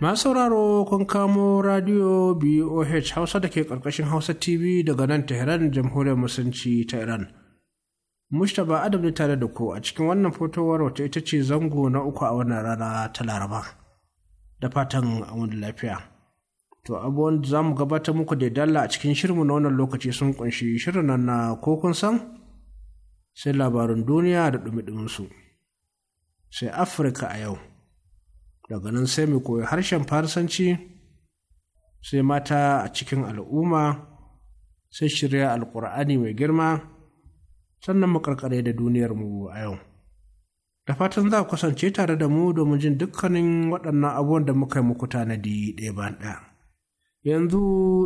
Masu sauraro kun kamo radio BOH Hausa da ke ƙarƙashin Hausa TV daga nan Tehran jamhuriyar musulunci ta Iran. Mustapha Adam ne tare da ku a cikin wannan fotowar wata ita ce zango na uku a wannan rana ta Laraba. Da fatan an lafiya. To abubuwan za mu gabatar muku da dalla a cikin shirinmu na wannan lokaci sun kunshi shirin nan na ko kun san sai labarin duniya da dumi-duminsu. Sai Afirka a yau. daga nan sai mu koyi harshen farsanci sai mata a cikin al'umma sai shirya alkur'ani mai girma sannan mu karkare da duniyarmu a yau da fatan za ku kasance tare da mu domin jin dukkanin waɗannan abubuwan da muka yi muku tanadi ɗaya bayan ɗaya yanzu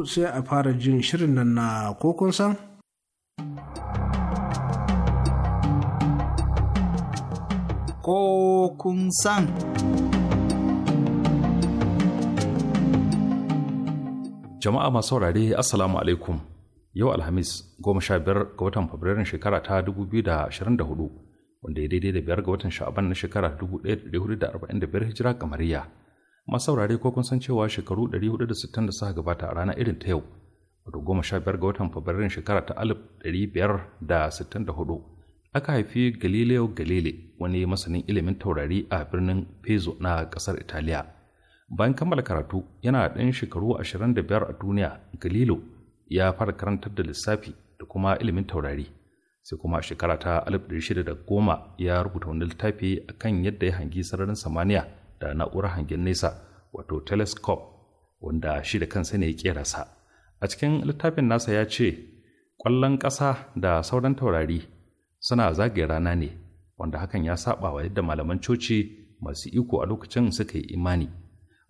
sai a fara jin shirin nan na ko san ko kun san Jama'a masu saurare Assalamu alaikum. Yau Alhamis goma sha biyar ga watan Fabrairun shekara ta dubu biyu da ashirin da hudu wanda ya daidai da biyar ga watan Sha'aban na shekara dubu ɗaya da hudu da arba'in da biyar hijira kamariya. Masu saurare ko kun san cewa shekaru ɗari hudu da sittin da suka gabata a rana irin ta yau wato goma sha biyar ga watan Fabrairun shekara ta alif ɗari biyar da sittin da hudu aka haifi Galileo Galile wani masanin ilimin taurari a birnin Pezzo na ƙasar Italiya. bayan kammala karatu yana ɗan shekaru 25 a duniya galilo ya fara karantar da lissafi da kuma ilimin taurari sai kuma a shekara ta 1610 ya rubuta wani littafi a kan yadda ya hangi sararin samaniya da na'urar hangen nesa wato telescope wanda shi da kansa ne ya kera sa a cikin littafin nasa ya ce ƙwallon ƙasa da sauran taurari suna zagaye rana ne wanda hakan ya saba wa yadda malaman coci masu iko a lokacin suka yi imani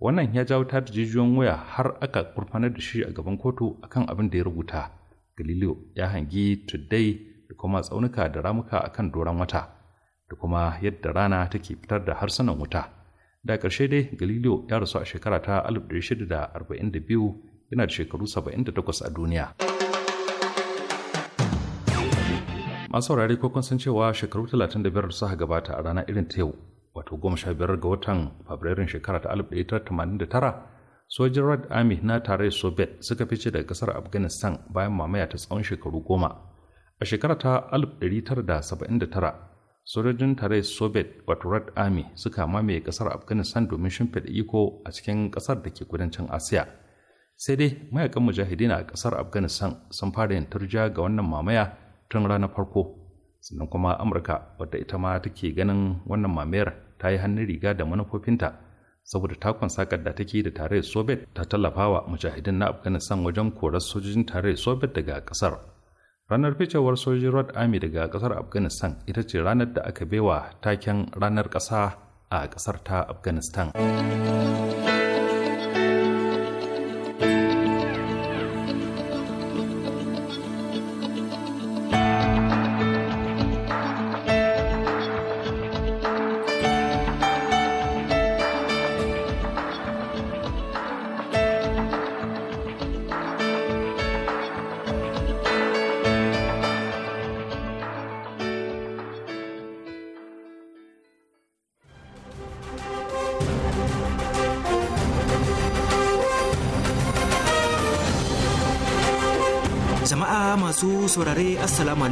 wannan ya jawo ta jijiyoyin waya har aka gurfanar da shi a gaban kotu akan abin da ya rubuta galileo ya hangi tuddai da kuma tsaunuka da ramuka akan doron wata da kuma yadda rana take fitar da harsunan wuta da ƙarshe dai galileo ya rasu a shekara ta 1642 yana da shekaru 78 a duniya masu saurari kun san cewa shekaru 35 da suka gabata a rana irin ta yau wato goma sha biyar ga watan fabrairun shekara ta 1989 sojin red army na tare soviet suka fice daga kasar afghanistan bayan mamaya ta tsawon shekaru goma a shekara ta 1979 sojojin tare soviet wato red army suka mamaye kasar afghanistan domin shimfiɗa iko a cikin kasar da ke kudancin asiya sai dai mayakan mujahidin a kasar afghanistan sun fara yin turja ga wannan mamaya tun ranar farko sannan kuma amurka wadda ita ma take ganin wannan mamayar ta yi hannun riga da manufofinta saboda takon sakar da take da tarayyar soviet ta tallafawa mujahidin na afghanistan wajen korar sojojin tarayyar soviet daga kasar ranar ficewar sojojin red army daga kasar afghanistan ita ce ranar da aka baiwa taken ranar kasa a kasar ta afghanistan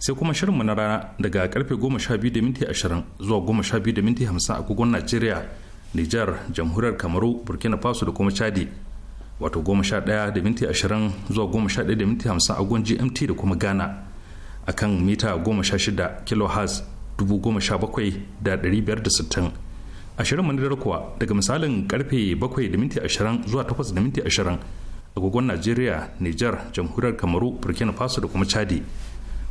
sai kuma shirinmu na rana daga karfe 12:20 zuwa 12:50 a kogon Najeriya, Nijar, Jamhuriyar Kamaru, Burkina Faso da kuma Chadi. Wato 11:20 zuwa 11:50 a kogon GMT da kuma Ghana. A kan mita 16 kHz 17,560. A shirinmu na dare kuwa daga misalin karfe 7:20 zuwa 8:20 a kogon Najeriya, Nijar, Jamhuriyar Kamaru, Burkina Faso da kuma Chadi.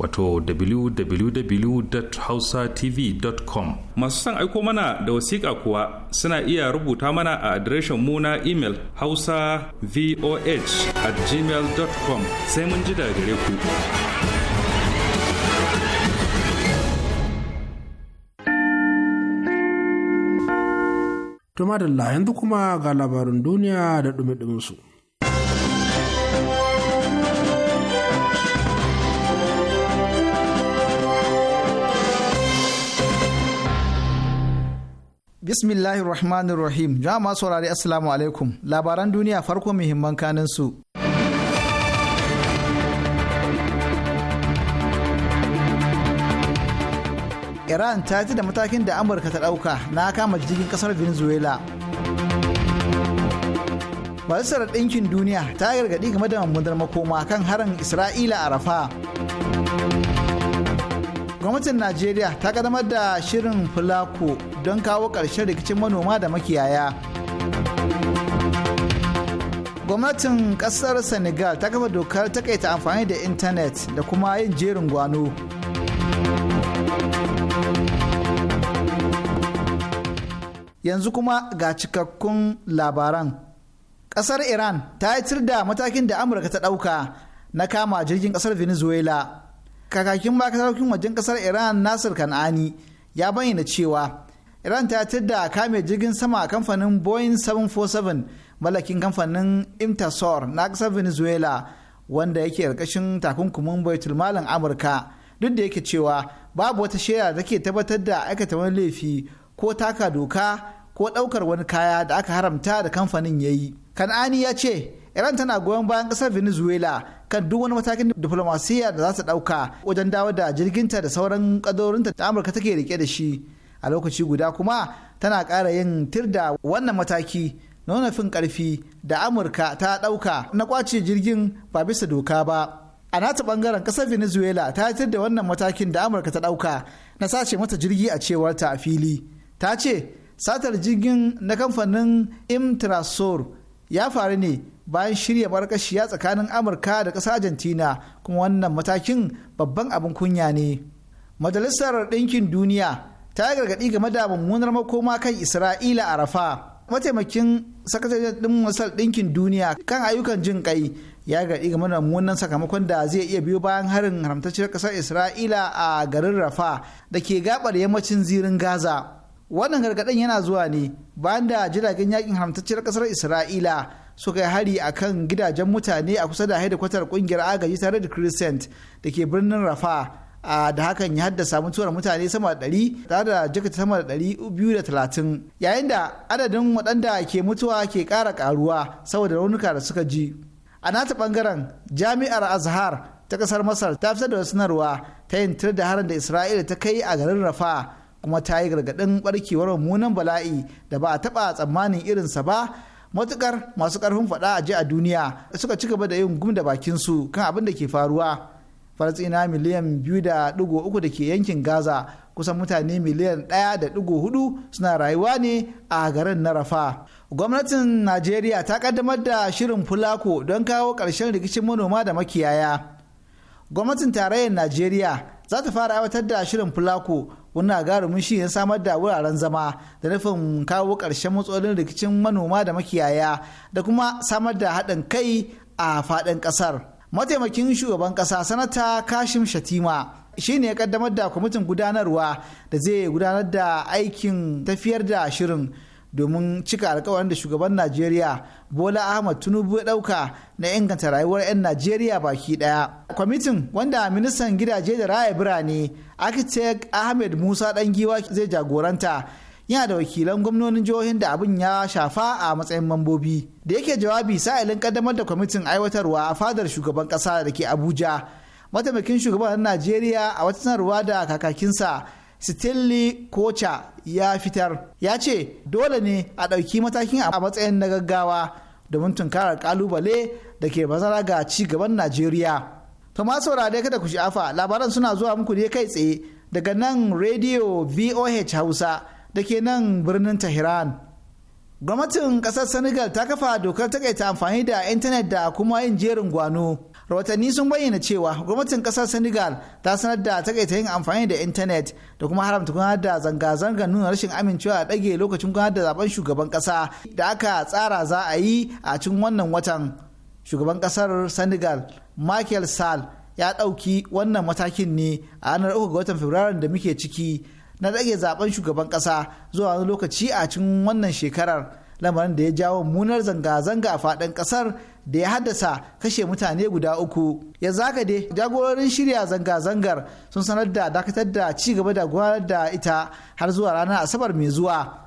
wato www.hausatv.com masu son aiko mana da wasiƙa kuwa suna iya rubuta mana a adireshin mu na imel hausa voh at gmail.com sai mun ji daga gare ku Tuma da yanzu kuma ga labarin duniya da dumi ɗuminsu su. Bismillahir Rahmanir Rahim. Jama'a saurari Assalamu alaikum. Labaran duniya farko muhimman kanin su. Iran ta ji da matakin da Amurka ta ɗauka na kama jirgin ƙasar Venezuela. Majalisar Ɗinkin Duniya ta gargaɗi game da mummunar makoma kan harin Isra'ila a Rafa. gwamnatin najeriya ta kadamar da shirin fulako don kawo ƙarshen rikicin manoma da makiyaya gwamnatin kasar senegal ta kafa dokar takaita amfani da intanet da kuma yin jerin gwano yanzu kuma ga cikakkun labaran kasar iran ta yi da matakin da amurka ta ɗauka na kama jirgin kasar venezuela kakakin sarkin wajen kasar iran nasir kan'ani ya bayyana cewa iran ta da kame jirgin sama a kamfanin boeing 747 malakin kamfanin imtasor na kasar venezuela wanda yake ƙarƙashin takunkumin baitulmalin amurka duk da yake cewa babu wata shaida da ke tabbatar da aikata wani laifi ko taka doka ko ɗaukar wani kaya da aka haramta da kamfanin ya yi kan'ani ya ce iran tana goyon bayan kasar venezuela kan duk wani matakin diflomasiyya da za ta ɗauka wajen dawo da jirginta da sauran ƙadorinta da amurka take rike da shi a lokaci guda kuma tana kara yin tirda wannan mataki na fin ƙarfi da amurka ta ɗauka na ƙwace jirgin ba bisa doka ba a nata ɓangaren ƙasar venezuela ta da wannan matakin da amurka ta ɗauka na sace mata jirgi a cewarta a fili ta ce satar jirgin na kamfanin imtrasor ya faru ne bayan shirya barkashiya tsakanin amurka da ƙasar argentina kuma wannan matakin babban abin kunya ne majalisar ɗinkin duniya ta yi gargaɗi game da mummunar makoma kan isra'ila a rafa mataimakin sakataren ɗin masar ɗinkin duniya kan ayyukan jin kai ya gargaɗi game da mummunan sakamakon da zai iya biyo bayan harin haramtacciyar ƙasar isra'ila a garin rafa da ke gabar yammacin zirin gaza wannan gargaɗin yana zuwa ne bayan da jiragen yakin haramtacciyar ƙasar isra'ila suka yi hari a kan gidajen mutane a kusa da haidakwatar ƙungiyar agaji tare da crescent da ke birnin rafa a da hakan ya haddasa mutuwar mutane sama da ɗari tare da jikata sama da ɗari biyu da talatin yayin da adadin waɗanda ke mutuwa ke ƙara ƙaruwa saboda raunuka da suka ji a nata ɓangaren jami'ar azhar ta ƙasar masar ta fitar da sanarwa ta yin tir da harin da isra'ila ta kai a garin rafa kuma ta yi gargaɗin barkewar mummunan bala'i da ba a taɓa tsammanin irinsa ba matukar masu ƙarfin faɗa a ji a duniya suka ci gaba da yin gum da su kan abin da ke faruwa falastina miliyan biyu da ɗigo uku da ke yankin gaza kusan mutane miliyan ɗaya da ɗigo hudu suna rayuwa ne a garin na rafa gwamnatin najeriya ta kaddamar da shirin fulako don kawo ƙarshen rikicin manoma da makiyaya gwamnatin tarayyar najeriya za ta fara aiwatar da shirin fulako wannan agarumin shi ya samar da wuraren zama da nufin kawo ƙarshen matsalolin rikicin manoma da makiyaya da kuma samar da haɗin kai a faɗin ƙasar mataimakin shugaban ƙasa sanata kashim shatima shi ne ya kaddamar da kwamitin gudanarwa da zai gudanar da aikin tafiyar da shirin domin cika alkawarin da shugaban Najeriya Bola Ahmad Tinubu ya dauka na inganta rayuwar 'yan Najeriya baki daya. Kwamitin wanda ministan gidaje da raya birane Architect Ahmed Musa Dangiwa zai jagoranta yana da wakilan gwamnonin jihohin da abin ya shafa a matsayin mambobi. Da yake jawabi sa'ilin kaddamar da kwamitin aiwatarwa a fadar shugaban kasa da ke Abuja. Mataimakin shugaban Najeriya a wata sanarwa da kakakinsa Stanley Kocha ya fitar ya ce dole ne a ɗauki matakin a matsayin na gaggawa domin tunkarar kalubale da ke bazara ga ci gaban Najeriya. Kama saurare kada ku sha'afa labaran suna zuwa muku ne kai tsaye daga nan Radio VOH Hausa da ke nan birnin Tehran. Gwamnatin ƙasar Senegal ta kafa dokar takaita amfani da intanet da kuma yin jerin gwano. rahotanni sun bayyana cewa gwamnatin kasar senegal ta sanar da takaita yin amfani da intanet da kuma haramta gudanar da zanga zanga nuna rashin amincewa a ɗage lokacin gudanar da zaben shugaban kasa da aka tsara za a yi a cikin wannan watan shugaban kasar senegal michael sall ya ɗauki wannan matakin ne a ranar uku ga watan fabrairu da muke ciki na ɗage zaben shugaban kasa zuwa wani lokaci a cikin wannan shekarar lamarin da ya jawo munar zanga-zanga a faɗin ƙasar da ya haddasa kashe mutane guda uku ya zaka dai jagororin shirya zanga-zangar sun sanar da dakatar da ci gaba da gudanar da ita har zuwa ranar asabar mai zuwa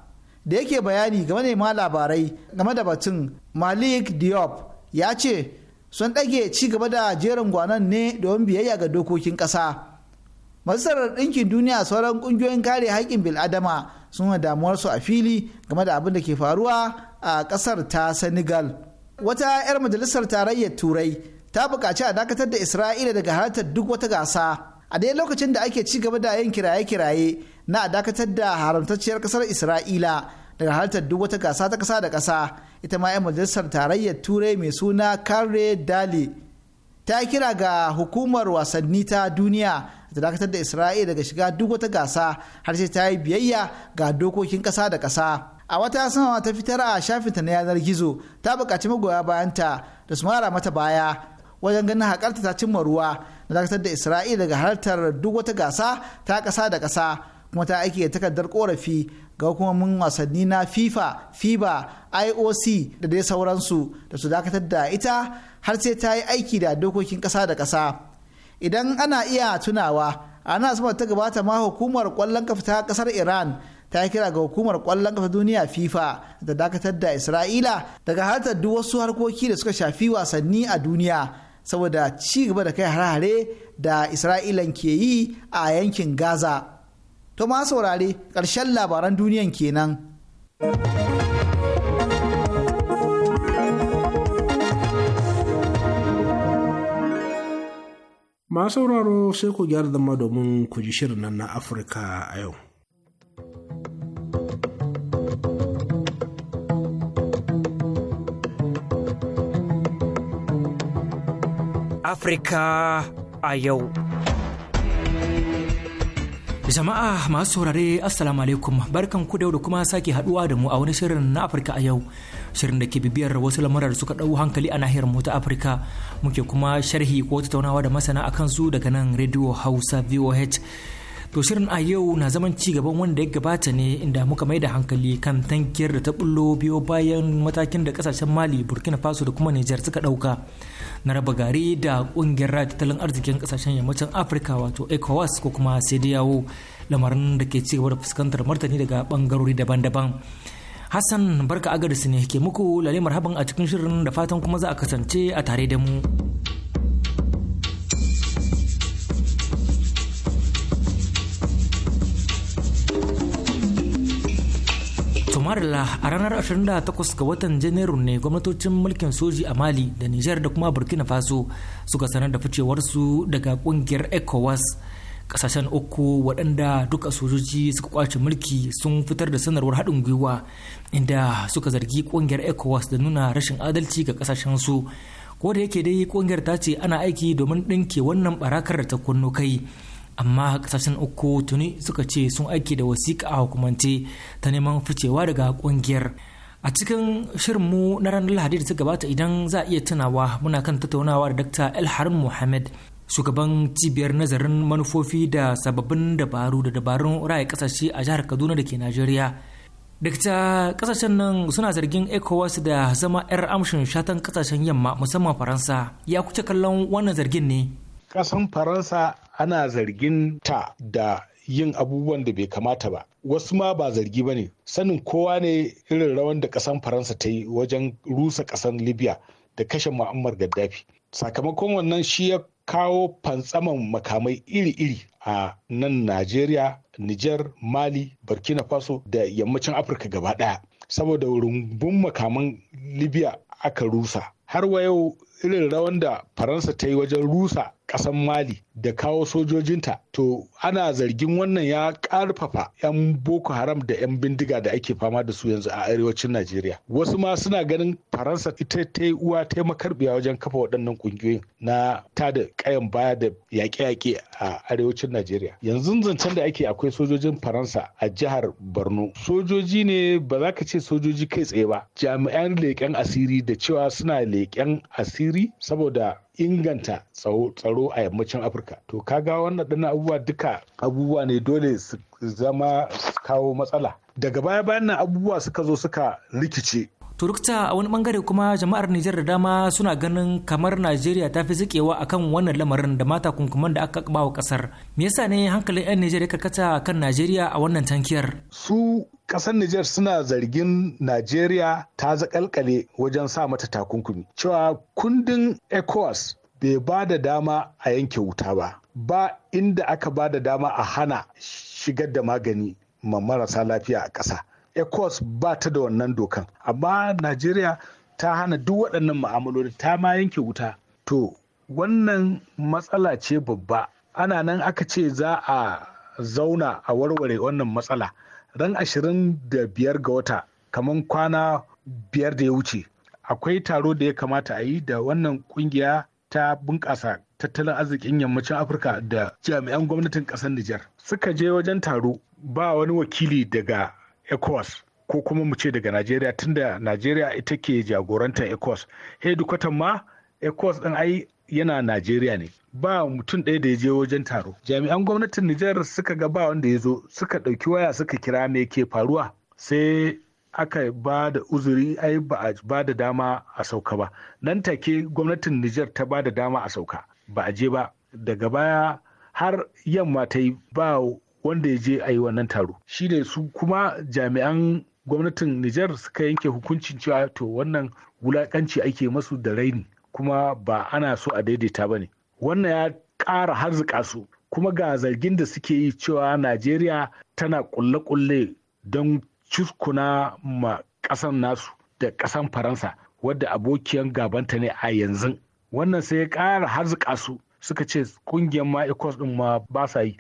da yake bayani game da ma labarai game da batun malik diop ya ce sun ɗage ci gaba da jerin gwanan ne domin biyayya ga dokokin ƙasa masarar ɗinkin duniya sauran ƙungiyoyin kare haƙƙin bil'adama sun damuwarsu a fili game da abin da ke faruwa a ƙasar ta senegal wata 'yar majalisar tarayyar turai ta buƙaci a dakatar da isra'ila daga halartar duk wata gasa a dai lokacin da ake ci gaba da yin kiraye-kiraye na a dakatar da haramtacciyar kasar isra'ila daga halartar duk wata gasa ta ƙasa da kasa ita ma 'yar majalisar tarayyar turai mai suna kare dali ta kira ga hukumar wasanni ta duniya da dakatar da isra'ila daga shiga duk wata gasa har sai ta yi biyayya ga dokokin ƙasa da kasa. a wata sanawa ta fitar a shafinta na yanar gizo ta bukaci magoya bayanta da su mara mata baya wajen ganin haƙarta ta cimma ruwa na dakatar da isra'ila daga halartar duk wata gasa ta ƙasa da ƙasa kuma ta aiki da takardar ƙorafi ga hukumomin wasanni na fifa fiba ioc da dai sauransu da su dakatar da ita har sai ta yi aiki da dokokin ƙasa da ƙasa idan ana iya tunawa ana asabar ta gabata ma hukumar ƙwallon kafa ta ƙasar iran ta kira ga hukumar kwallon kafa duniya FIFA da dakatar da Isra'ila daga halartar duk wasu harkoki da suka shafi wasanni a duniya saboda ci gaba da kai hare-hare da Isra'ilan ke yi a yankin Gaza. To ma saurare ƙarshen labaran duniyan kenan. masu sauraro sai ku gyara zama domin ku ji shirin nan na Afirka a yau. Afirka a yau. Jama'a masu saurare Assalamu alaikum barkan ku da kuma sake haduwa da mu a wani shirin na Afirka a yau. Shirin da ke bibiyar wasu lamurar da suka ɗau hankali a nahiyar mu ta Afirka muke kuma sharhi ko tattaunawa da masana a kansu daga nan Radio Hausa VOH. To shirin a yau na zaman ci gaban wanda ya gabata ne inda muka mai da hankali kan tankiyar da ta bullo biyo bayan matakin da kasashen Mali, Burkina Faso da kuma Nijar suka ɗauka. na raba gari da kungiyar raya tattalin arzikin kasashen yammacin afirka wato ecowas ko kuma sediyawo lamarin da ke cigaba da fuskantar martani daga bangarori daban-daban hassan barka agarisu ne ke muku lalimar haban a cikin shirin da fatan kuma za a kasance a tare da mu. Marla a ranar 28 ga watan Janairu ne gwamnatocin mulkin soji a Mali da Nijar da kuma Burkina Faso suka sanar da ficewar su daga kungiyar ECOWAS. Kasashen uku waɗanda duka sojoji suka kwace mulki sun fitar da sanarwar haɗin gwiwa inda suka zargi kungiyar ECOWAS da nuna rashin adalci ga kasashen su. Ko da yake dai kungiyar ta ce ana aiki domin ɗinke wannan barakar da ta kunno kai. amma kasashen uku tuni suka ce sun aiki da wasiƙa a hukumance ta neman ficewa daga ƙungiyar a cikin shirinmu na ranar lahadi da ta gabata idan za a iya tunawa muna kan tattaunawa da dr elharun muhammed shugaban cibiyar nazarin manufofi da sababbin dabaru da dabarun raya kasashe a jihar kaduna da ke najeriya dakta kasashen nan suna zargin ecowas da zama 'yar amshin shatan kasashen yamma musamman faransa ya kuce kallon wannan zargin ne kasan faransa ana zargin ta da yin abubuwan da bai kamata ba wasu ma ba zargi ba ne sanin kowa ne irin rawan da kasan faransa ta yi wajen rusa kasan libya da kashe mu'ammar gaddafi sakamakon wannan shi ya kawo fantsaman makamai iri-iri a nan najeriya niger mali burkina faso da yammacin afirka gaba daya saboda rumbun makaman libya aka rusa har wa yau irin rawan da faransa ta yi wajen rusa ƙasar mali da kawo sojojinta to ana zargin wannan ya ƙarfafa 'yan boko haram da 'yan bindiga da ake fama da su yanzu a arewacin najeriya wasu ma suna ganin faransa ita ta yi uwa ta makarbiya wajen kafa waɗannan ƙungiyoyin na ta da ƙayan baya da yaƙe-yaƙe a arewacin najeriya yanzu zancen da ake akwai sojojin faransa a jihar borno sojoji ne ba za ka ce sojoji kai tsaye ba jami'an leƙen asiri da cewa suna leƙen asiri saboda inganta tsaro a yammacin afirka to kaga wannan dana abubuwa duka abubuwa ne dole su zama su kawo matsala daga baya bayan nan abubuwa suka zo suka rikice turukta a wani bangare kuma jama'ar nijar da dama suna ganin kamar najeriya ta fi zikewa akan wannan lamarin da mata kunkuman da aka bawa wa kasar me yasa ne hankalin 'yan nijar ya karkata kan najeriya a wannan tankiyar su kasar Nijar suna zargin Najeriya ta zakalkale wajen sa mata takunkumi. Cewa kundin ECOWAS bai ba da dama a yanke wuta ba, ba inda aka ba da dama a hana shigar da magani ma marasa lafiya a ƙasa. ecos ba ta da wannan dokan amma najeriya ta hana duk waɗannan ma'amaloli ta ma yanke wuta to wannan matsala ce babba ana nan aka ce za a zauna a warware wannan matsala ran 25 ga wata kamar kwana biyar da ya wuce akwai taro da ya kamata a yi da wannan kungiya ta bunƙasa tattalin arzikin yammacin afirka da jami'an gwamnatin ƙasar nijar suka je wajen taro ba wani wakili daga ecowas ko kuma mu ce daga najeriya tunda najeriya ita ke jagorantar ecowas hedikwatan ma ecowas ɗin ai yana najeriya ne ba mutum ɗaya da ya je wajen taro jami'an gwamnatin nijar suka ga ba wanda ya zo suka ɗauki waya suka kira me ke faruwa sai aka ba da uzuri ai ba a ba da dama a sauka ba nan take gwamnatin nijar ta ba da dama a sauka ba a je ba daga baya har yamma ta yi ba wanda ya je a yi wannan taro shi ne su kuma jami'an gwamnatin Nijar suka yanke hukuncin cewa to wannan wulakanci ake masu da raini kuma ba ana so a daidaita ba ne wannan ya ƙara harzuka su kuma ga zargin da suke yi cewa najeriya tana kulle-kulle don cuskuna ma ƙasan nasu da ƙasan faransa wadda abokiyan gabanta ne a yanzu wannan sai ya ƙara harzuka su suka ce kungiyar ma ecos ɗin ma ba sa yi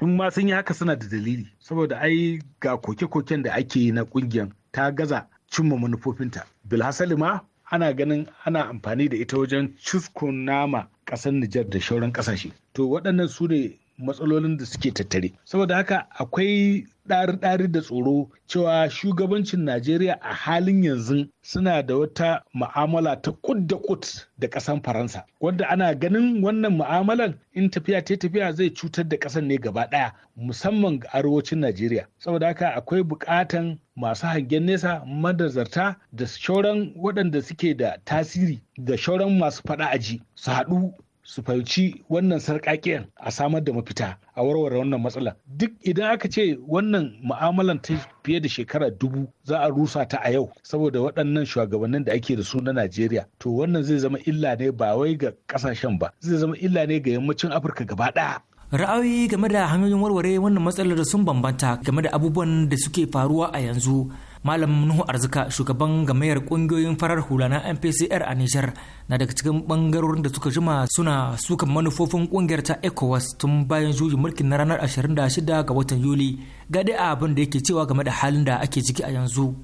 in ma sun yi haka suna da dalili saboda ai ga koke-koken da ake yi na kungiyar ta gaza cimma manufofinta bilhassali ma ana ganin ana amfani da ita wajen cuskun nama ƙasar Nijar da shauran ƙasashe. To waɗannan su ne matsalolin da suke tattare saboda haka akwai ɗari-ɗari da tsoro cewa shugabancin najeriya a halin yanzu suna da wata ma'amala ta kud da kud da ƙasan faransa wanda ana ganin wannan ma'amalan in tafiya ta tafiya zai cutar da ƙasan ne gaba ɗaya musamman ga arewacin najeriya saboda haka akwai buƙatan masu hangen nesa madazarta da shauran waɗanda suke da tasiri da shauran masu faɗa aji su haɗu su fahimci wannan sarƙaƙiyar a samar da mafita a warware wannan matsala duk idan aka ce wannan mu'amalan ta fiye da shekara dubu za a rusa ta a yau saboda waɗannan shugabannin da ake da su na najeriya to wannan zai zama illa ne ba wai ga ƙasashen ba zai zama illa ne ga yammacin afirka gaba ɗaya ra'ayoyi game da hanyoyin warware wannan matsalar sun bambanta game da abubuwan da suke faruwa a yanzu malam nuhu arzika shugaban gamayar kungiyoyin farar hula na mpcr a nijar na daga cikin bangarorin da suka jima suna sukan manufofin kungiyar ta ecowas tun bayan juyin mulkin na ranar 26 ga watan yuli ga dai abin da yake cewa game da halin da ake ciki a yanzu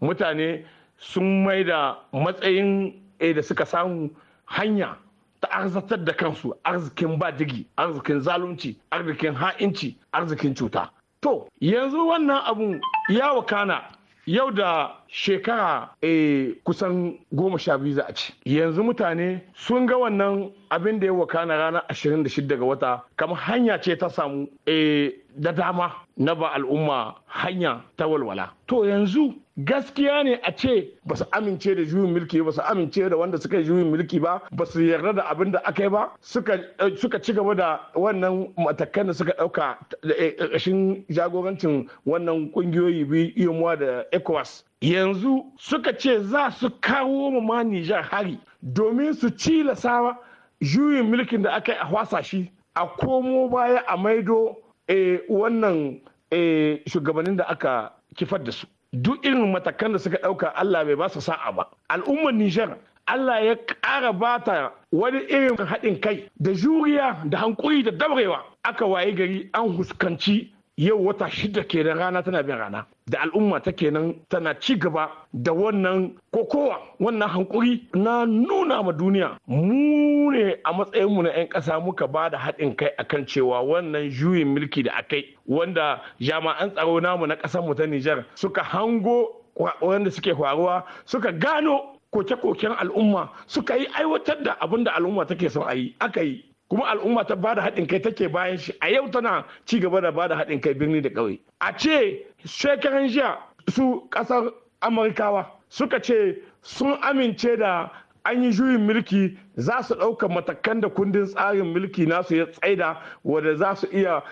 mutane sun mai da matsayin eh, da suka samu hanya ta arzatar da kansu arzikin ba digi arzikin zalunci arzikin ha'inci arzikin cuta to yanzu wannan abun ya wakana yau da shekara e, kusan goma sha biyu za a ci yanzu mutane sun ga wannan abin da ya wakana ranar 26 ga wata kamar hanya ce ta samu e, da dama na ba al'umma hanya ta walwala to yanzu gaskiya ne a ce ba su amince da juyin mulki ba su amince da wanda suka yi juyin mulki ba ba su yarda da abin da aka yi ba suka eh, ci gaba da wannan matakan da suka ɗauka eh, eh, ƙarshen jagorancin wannan ƙungiyoyi biyu iyomuwa da ecowas yanzu suka ce za su kawo ma nijar hari domin su cilasa juyin mulkin da aka yi a hwasa shi a komo baya a maido wannan shugabannin da aka kifar da su duk irin matakan da suka ɗauka Allah bai ba su sa'a ba al'ummar Nijar Allah ya ƙara ta wani irin haɗin kai da juriya da hankuri da daurewa aka waye gari an huskanci yau wata shida kenan rana tana bin rana da al'umma ta kenan tana ci gaba da wannan kokowa wannan hankuri na nuna ma duniya mu ne a matsayinmu na 'yan ƙasa muka ba da haɗin kai akan cewa wannan juyin mulki da akai wanda jami'an tsaro namu na ƙasarmu ta Nijar suka hango wanda suke faruwa suka gano koke-koken al'umma suka yi aiwatar da abin da al'umma take son a yi aka yi kuma al'umma ta bada haɗin kai take bayan shi a yau tana ci gaba da bada haɗin kai birni da ƙauye a ce shekaran jiya su ƙasar amurkawa suka ce sun amince da an yi juyin mulki za su ɗauka matakan da kundin tsarin mulki nasu ya tsaida wadda za su iya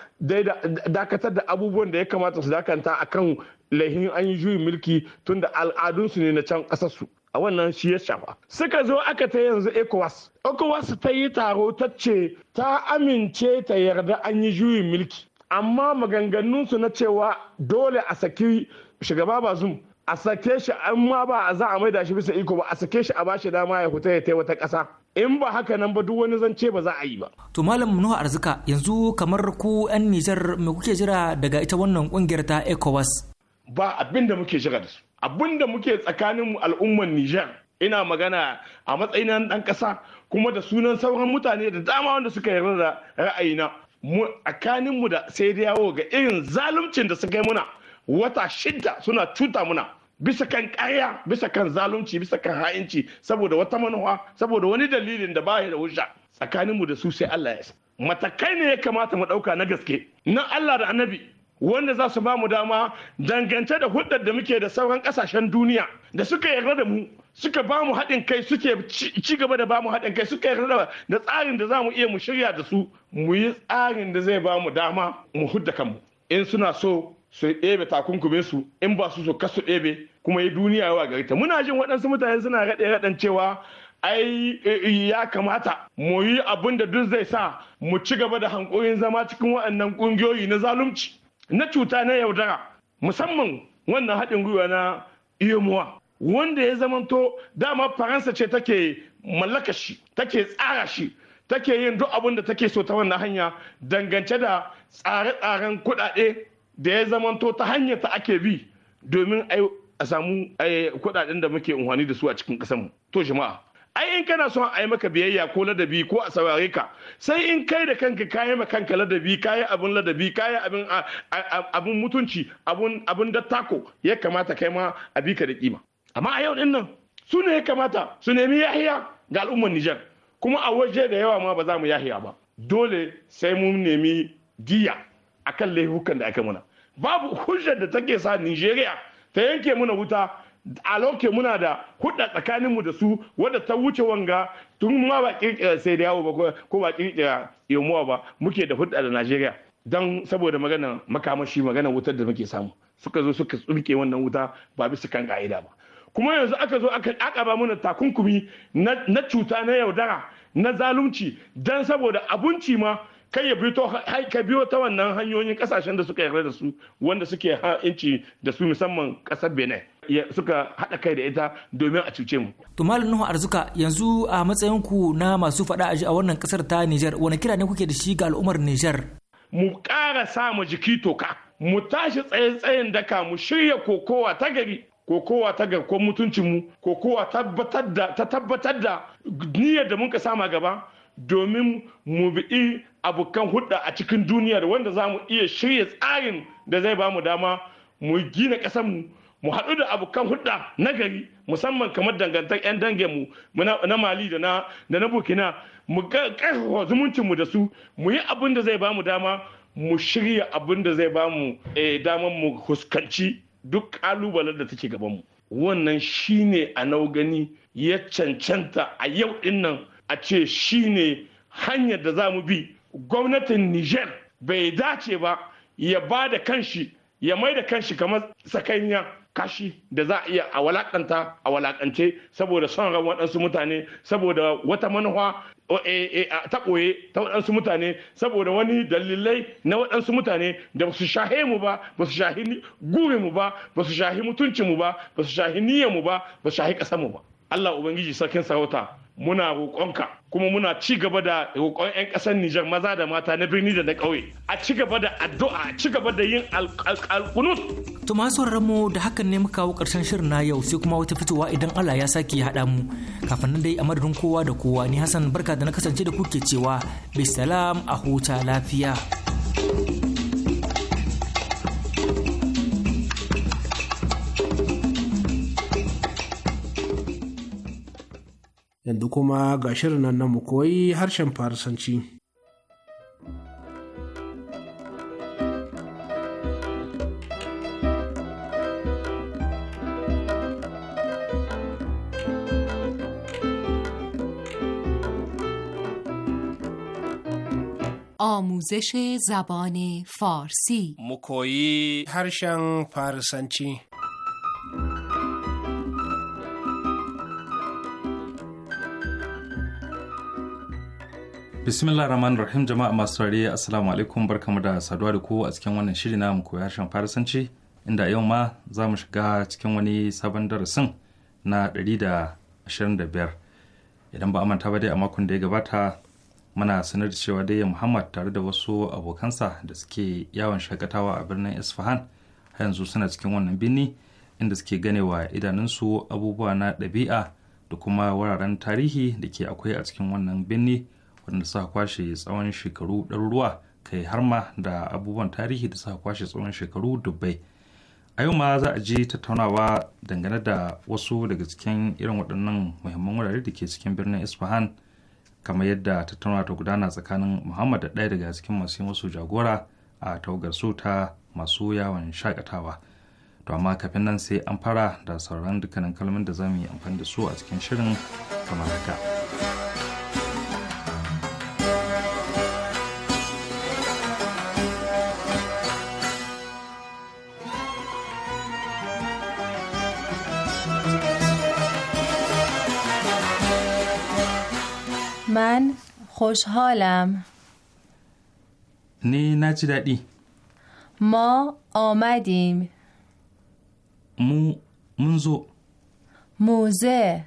dakatar da abubuwan da ya kamata su dakanta akan laihin an yi juyin mulki tunda al'adunsu ne na can ƙasarsu a wannan shi ya shafa suka zo aka ta yanzu ecowas ecowas ta yi taro ta ce ta amince ta yarda an yi juyin mulki amma maganganunsu na cewa dole a saki shugaba zum a sake shi an ma ba a za a maida shi bisa iko ba a sake shi a ba shi dama ya fita ya tai wata ƙasa in ba haka nan ba duk wani zance ba za a yi ba. To Malam Nuhu Arzika yanzu kamar ku 'yan Nijar me kuke jira daga ita wannan ƙungiyar ta ECOWAS? Ba abinda muke jira da su. abin da muke tsakanin al'ummar Nijar ina magana a matsayin ɗan ƙasa kuma da sunan sauran mutane da dama wanda suka yarda da ra'ayina mu tsakaninmu da sai da yawo ga irin zaluncin da suka yi muna wata shidda suna cuta muna bisa kan ƙarya bisa kan zalunci bisa kan ha'inci saboda wata manuwa saboda wani dalilin da baya da hujja tsakaninmu da su sai Allah ya matakai ne ya kamata mu ɗauka na gaske na Allah da annabi wanda za su ba mu dama dangance da hulɗar da muke da sauran kasashen duniya da suka yarda da mu suka ba mu haɗin kai suke ci gaba da ba mu haɗin kai suka yarda da tsarin da za mu iya mu shirya da su mu yi tsarin da zai ba mu dama mu hudda kanmu in suna so su ɗebe takunkumin su in ba su so kasu ɗebe kuma yi duniya yawa gari ta muna jin waɗansu mutane suna raɗe raɗen cewa ai e, e, ya kamata mu yi abin da duk zai sa mu ci gaba da hankurin zama cikin waɗannan ƙungiyoyi na zalunci na cuta na yaudara musamman wannan haɗin gwiwa na iyamuwa wanda ya zamanto dama faransa ce take mallaka shi take tsara shi take yin duk abin da take so ta wannan hanya dangance da tsare-tsaren kuɗaɗe da ya zamanto ta hanyar ta ake bi domin a samu kuɗaɗen da muke unhwani da su a cikin ƙasarmu to jama'a ai in kana son a yi maka biyayya ko ladabi ko a saurare ka sai in kai da kanka yi ma kanka ladabi ka yi abun ladabi yi abin mutunci abun dattako ya kamata kai ma a bi ka da kima amma a yau din nan su ne ya kamata su nemi yahiya ga al'ummar Nijar kuma a waje da yawa ma ba za mu yahiya ba dole sai mun nemi diya akan laifukan da aka muna babu hujjar da take sa Nijeriya ta yanke muna wuta a loke muna da hudda tsakaninmu da su wadda ta wuce wanga tun ma ba kirkira sai da yawo ba ko ba kirkira yamuwa ba muke da hudda da najeriya don saboda maganar makamashi maganar wutar da muke samu suka zo suka tsurke wannan wuta ba bisa kan ka'ida ba kuma yanzu aka zo aka ba mana takunkumi na cuta na yaudara na zalunci don saboda abinci ma kai ya biyo ta wannan hanyoyin kasashen da suka yarda da su wanda suke ha'inci da su musamman kasar benin suka haɗa kai da ita domin a cuce mu. To Malam Nuhu Arzuka yanzu a matsayin ku na masu faɗa a wannan ƙasar ta Nijar wani kira ne kuke da shi ga al'ummar Nijar? Mu ƙara sa mu jiki toka, mu tashi tsaye tsayin daka mu shirya kokowa ta gari kokowa ta ga ko mutuncinmu kokowa tabbatar da ta tabbatar da niyyar da muka sama gaba domin mu bi abokan hudda a cikin duniyar wanda za mu iya shirya tsarin da zai ba mu dama mu gina ƙasarmu mu haɗu da abokan hulɗa na gari musamman kamar dangantar 'yan dangin mu na mali da na da na burkina mu ƙarfafa zumuncin mu da su mu yi abin da zai bamu dama mu shirya abin da zai bamu eh, damar mu huskanci duk ƙalubalen da take gaban mu wannan shine a nau gani ya cancanta a yau din a ce shine hanyar da za mu bi gwamnatin niger bai dace ba ya ba da kanshi ya mai da kanshi kamar sakanya kashi da za a iya a walakanta a walakance saboda son ran waɗansu mutane saboda wata manuwa eh, eh, ta ɓoye ta waɗansu mutane saboda wani dalilai na waɗansu mutane da ba su shahe mu ba ba su shahi gure mu ba ba su shahi mutunci mu ba ba su shahi niyyar mu ba ba su shahi ƙasar mu ba Allah Ubangiji sarkin sarauta muna roƙonka kuma muna ci gaba da roƙon 'yan ƙasar Nijar maza da mata na birni da na ƙauye a ci gaba da addu'a a ci gaba da yin alƙunut. To masu mu da hakan ne muka kawo ƙarshen shirin na yau sai kuma wata fitowa idan Allah ya sake haɗa mu kafin nan dai a madadin kowa da kowa ni Hassan barka da na kasance da kuke cewa bisalam a huta lafiya. thank you yanzu kuma ga shirin nan na mu koyi harshen farsanci آموزش زبان فارسی مکویی هرشن فارسنچی bismillah rahman rahim jama'a masu saurari assalamu alaikum barkamu da saduwa da ku a cikin wannan shiri na mu koyi harshen farisanci inda yau ma za mu shiga cikin wani sabon darasin na 125 idan ba a manta ba dai a makon da ya gabata muna sanar da cewa dai muhammad tare da wasu abokansa da suke yawon shakatawa a birnin isfahan har yanzu suna cikin wannan birni inda suke ganewa idanunsu abubuwa na ɗabi'a da kuma wuraren tarihi da ke akwai a cikin wannan birni waɗanda suka kwashe tsawon shekaru ɗaruruwa kai har ma da abubuwan tarihi da suka kwashe tsawon shekaru dubbai a yau ma za a je tattaunawa dangane da wasu daga cikin irin waɗannan muhimman wurare da ke cikin birnin isfahan kamar yadda tattaunawa ta gudana tsakanin muhammad da ɗaya daga cikin masu masu jagora a taugar su ta masu yawon shakatawa to amma kafin nan sai an fara da sauran dukkanin kalmomin da za mu yi amfani da su a cikin shirin kamar haka. من خوشحالم نی نجردی ما آمدیم مو منزو موزه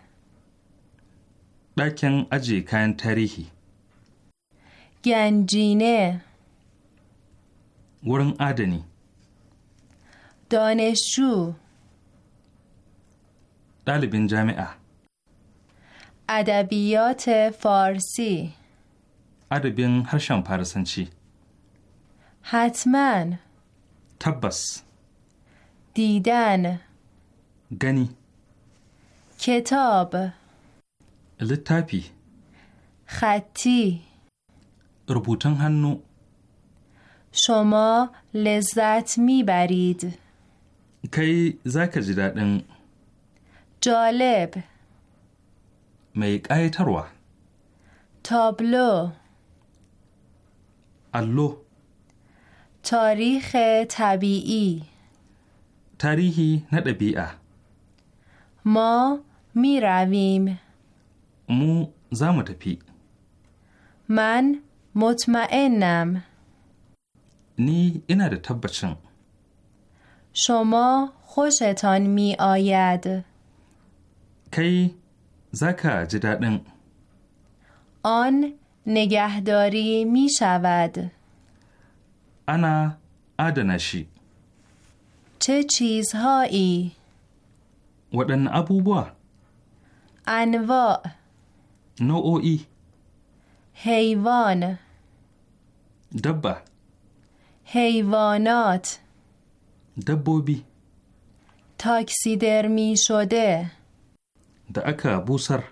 بکن اجی کن تاریخی گنجینه ورن آدنی دانشجو دالبین جامعه ادبیات فارسی ادبین هرشن چی؟ حتما تبس دیدن گنی کتاب لطفی خطی ربوتن هنو شما لذت میبرید کی زکجی جدادن جالب می قایتروا تابلو اللو تاریخ طبیعی تاریخی نه ما می رویم مو زمو تپی من مطمئنم نی اینا ده تبچن شما خوشتان می آید کی زکا جدادن آن نگهداری می شود انا آدنشی چه چیزهایی؟ ودن ابوبوا انواع نوعی حیوان دبه حیوانات دبوبی می شده da aka busar.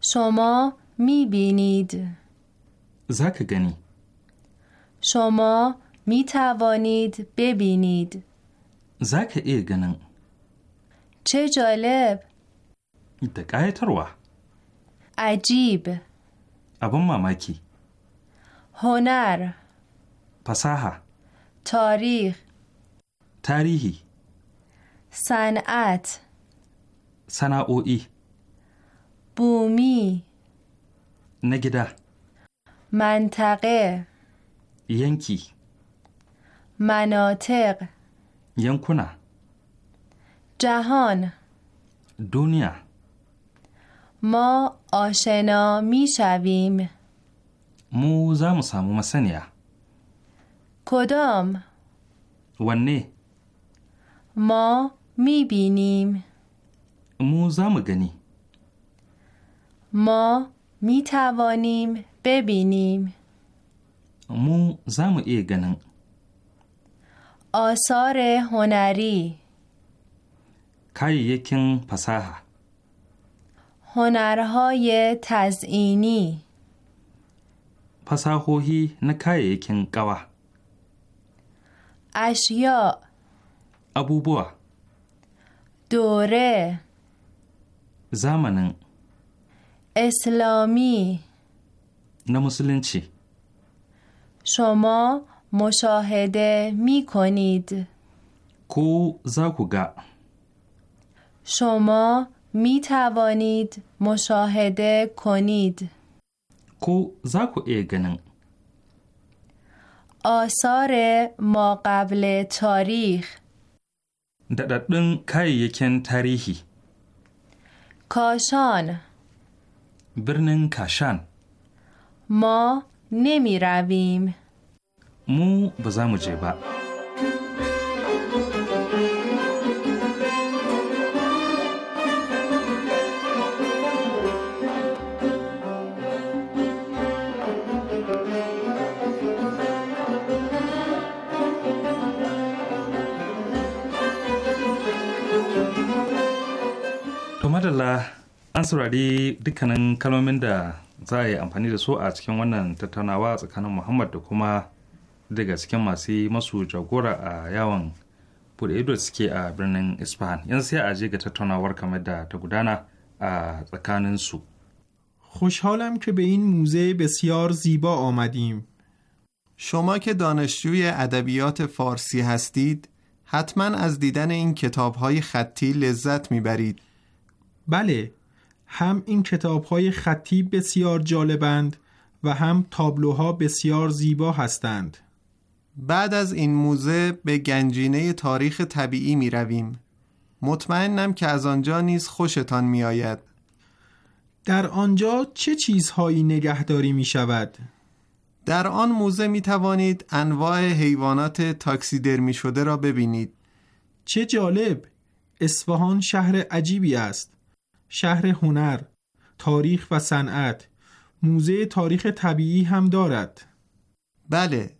Shoma mi binid. Za ka gani. Shoma mi tawonid bebinid. Za ka iya ganin. Ce jolib. Da ƙayatarwa. Ajib. Abin mamaki. Honar. Fasaha. Tarih. Tarihi. San'at. سناوی بومی نگده منطقه ینکی مناطق ینکونا جهان دنیا ما آشنا می شویم موزا مسامو کدام ونی ما می بینیم مو زم گنی ما می توانیم ببینیم مو زم ای گنن آثار هنری کاییکن پساها هنرهای تزئینی پساهوهی یکن قوا اشیا ابوبوا دوره زمانن اسلامی نه چی؟ شما مشاهده می کنید کو زاکوگا شما می توانید مشاهده کنید کو زکو ایگنن آثار ما قبل تاریخ داددن کاییکن تاریخی کاشان برنن کاشان ما نمی رویم مو بزامو جیبا Allah an saurari dukkanin kalmomin da za a yi amfani da su a cikin wannan tattaunawa tsakanin muhammad da kuma daga cikin masu masu jagora a yawon bude ido suke a birnin isfahan yan sai a je ga tattaunawar kamar da ta gudana a tsakanin su خوشحالم که به این موزه بسیار زیبا آمدیم. شما که دانشجوی ادبیات فارسی هستید، حتما از دیدن این کتاب‌های خطی لذت می‌برید. بله هم این کتاب خطی بسیار جالبند و هم تابلوها بسیار زیبا هستند بعد از این موزه به گنجینه تاریخ طبیعی می رویم مطمئنم که از آنجا نیز خوشتان می آید در آنجا چه چیزهایی نگهداری می شود؟ در آن موزه می توانید انواع حیوانات تاکسیدرمی شده را ببینید چه جالب! اصفهان شهر عجیبی است شهر هنر، تاریخ و صنعت، موزه تاریخ طبیعی هم دارد. بله،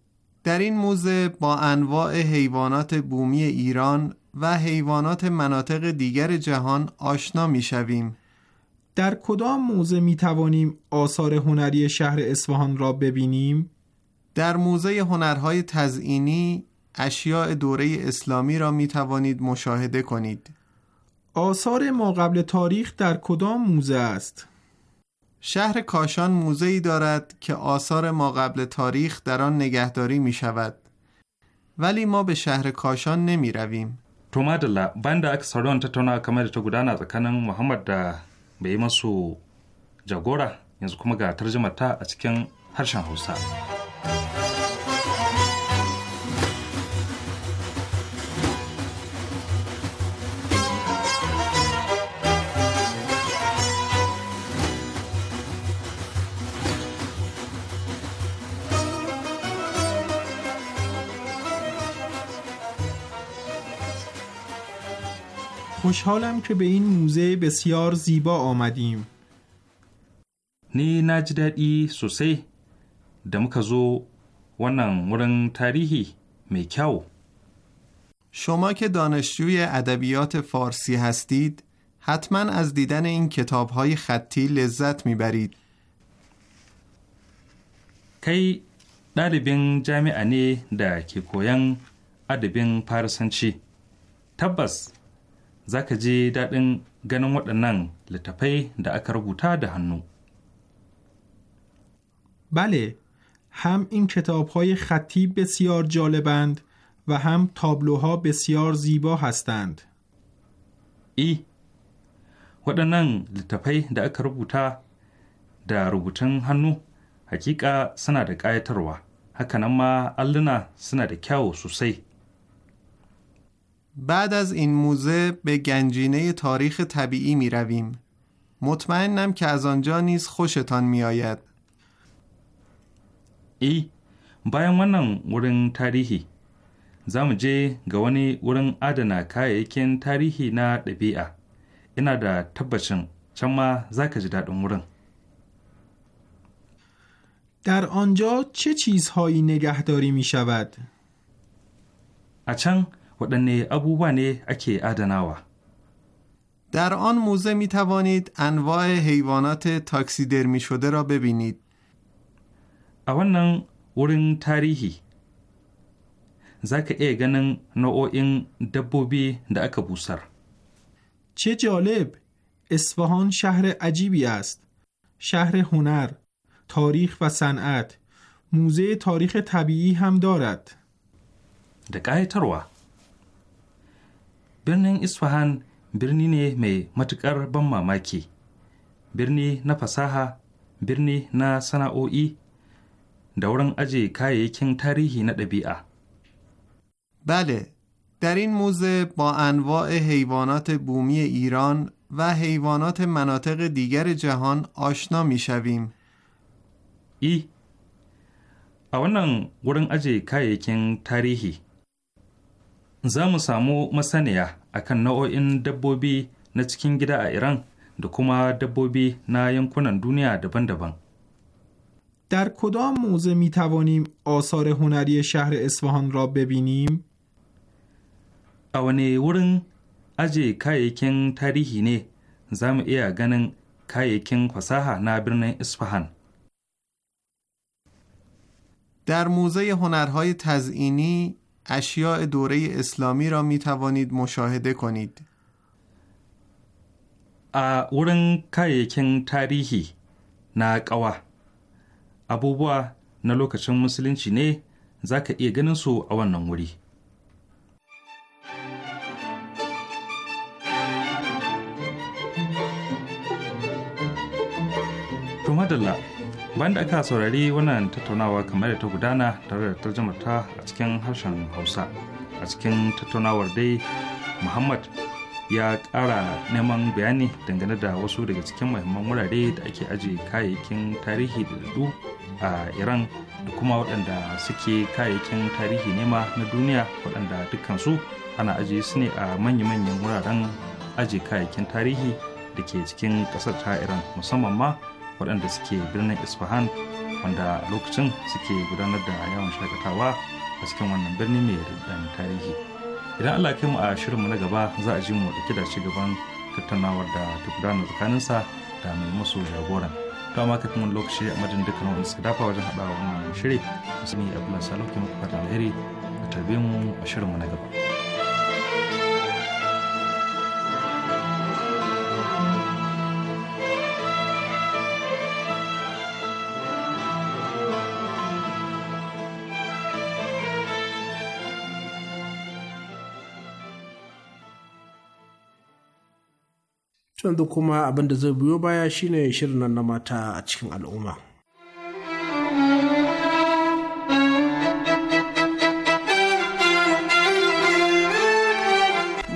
در این موزه با انواع حیوانات بومی ایران و حیوانات مناطق دیگر جهان آشنا می شویم. در کدام موزه می توانیم آثار هنری شهر اصفهان را ببینیم؟ در موزه هنرهای تزئینی اشیاء دوره اسلامی را می توانید مشاهده کنید. آثار ما قبل تاریخ در کدام موزه است؟ شهر کاشان موزه ای دارد که آثار ما قبل تاریخ در آن نگهداری می شود. ولی ما به شهر کاشان نمی رویم. تومدلا بند اکسارون تتونا کمیر تو گدانا زکنن محمد دا به ایمسو جاگورا یزو یعنی کمگا ترجمه تا اچکن هرشان حوصا. Thank you. خوشحالم که به این موزه بسیار زیبا آمدیم نی ای سوسی دمکزو ونن ورن تاریخی میکاو. شما که دانشجوی ادبیات فارسی هستید حتما از دیدن این کتاب های خطی لذت میبرید. کی ɗalibin جامعه نی da کی koyan adabin پارسنچی تبس. za ka ji daɗin ganin waɗannan littattafai da aka rubuta da hannu. بله هم این کتاب های خطی بسیار جالبند و هم تابلوها بسیار زیبا هستند ای waɗannan littattafai da aka rubuta da rubutun hannu hakika suna da ƙayatarwa hakanan ma alluna suna da kyawu sosai بعد از این موزه به گنجینه تاریخ طبیعی می رویم. مطمئنم که از آنجا نیز خوشتان می آید. ای بایان ونن ورن تاریخی زم جه گوانی ورن آدنا که یکین تاریخی نا دبیع اینا دا تبشن چما ما زکج داد ورن در آنجا چه چیزهایی نگهداری می شود؟ اچنگ waɗanne abubuwa ne ake adanawa در آن موزه می توانید انواع حیوانات تاکسیدرمی شده را ببینید. اولا ورن تاریخی زاک ای گنن این دبوبی دا اکبوسر چه جالب! اصفهان شهر عجیبی است. شهر هنر، تاریخ و صنعت. موزه تاریخ طبیعی هم دارد. دقایق تروه birnin isfahan birni ne mai matukar ban mamaki birni na fasaha birni na sana'o'i da wurin aje kayayyakin tarihi na ɗabi'a. Bale, در این موزه با انواع حیوانات بومی ایران و حیوانات مناطق دیگر جهان آشنا می شویم. ای a wannan wurin aje kayayyakin tarihi za mu samu masaniya akan nau'o'in dabbobi na cikin gida a Iran da kuma dabbobi na yankunan duniya daban-daban. در کدام موزه می توانیم آثار هنری شهر اصفهان را ببینیم؟ a wani wurin aje kayayyakin tarihi ne za mu iya ganin kayayyakin fasaha na birnin isfahan در موزه هنرهای تزئینی اشیاء دوره اسلامی را می توانید مشاهده کنید. a wurin kayayyakin tarihi na ƙawa abubuwa na lokacin musulunci ne za ka iya ganin su a wannan wuri. Tumadala bayan da aka saurari wannan tattaunawa kamar da ta gudana tare da tarjamata a cikin harshen hausa a cikin tattaunawar dai muhammad ya ƙara neman bayani dangane da wasu daga cikin muhimman wurare da ake ajiye kayayyakin tarihi da dadu a iran da kuma waɗanda suke kayayyakin tarihi nema na duniya waɗanda dukkansu ana ajiye su ne a manya-manyan wuraren ajiye kayayyakin tarihi da ke cikin ƙasar ta iran musamman ma waɗanda suke birnin isfahan wanda lokacin suke gudanar da yawon shakatawa a cikin wannan birni mai dan tarihi idan allah kai mu a shirinmu na gaba za a ji mu dauke da ci gaban tattaunawar da ta gudana tsakaninsa da mai musu jagoran to amma kafin wani lokaci a madadin dukkan wanda suka dafa wajen haɗa wannan shiri musulmi bula salon ke kuka fata alheri a tarbe mu a shirinmu na gaba. yanzu kuma abin da zai biyo baya shine shirin na mata a cikin al'umma.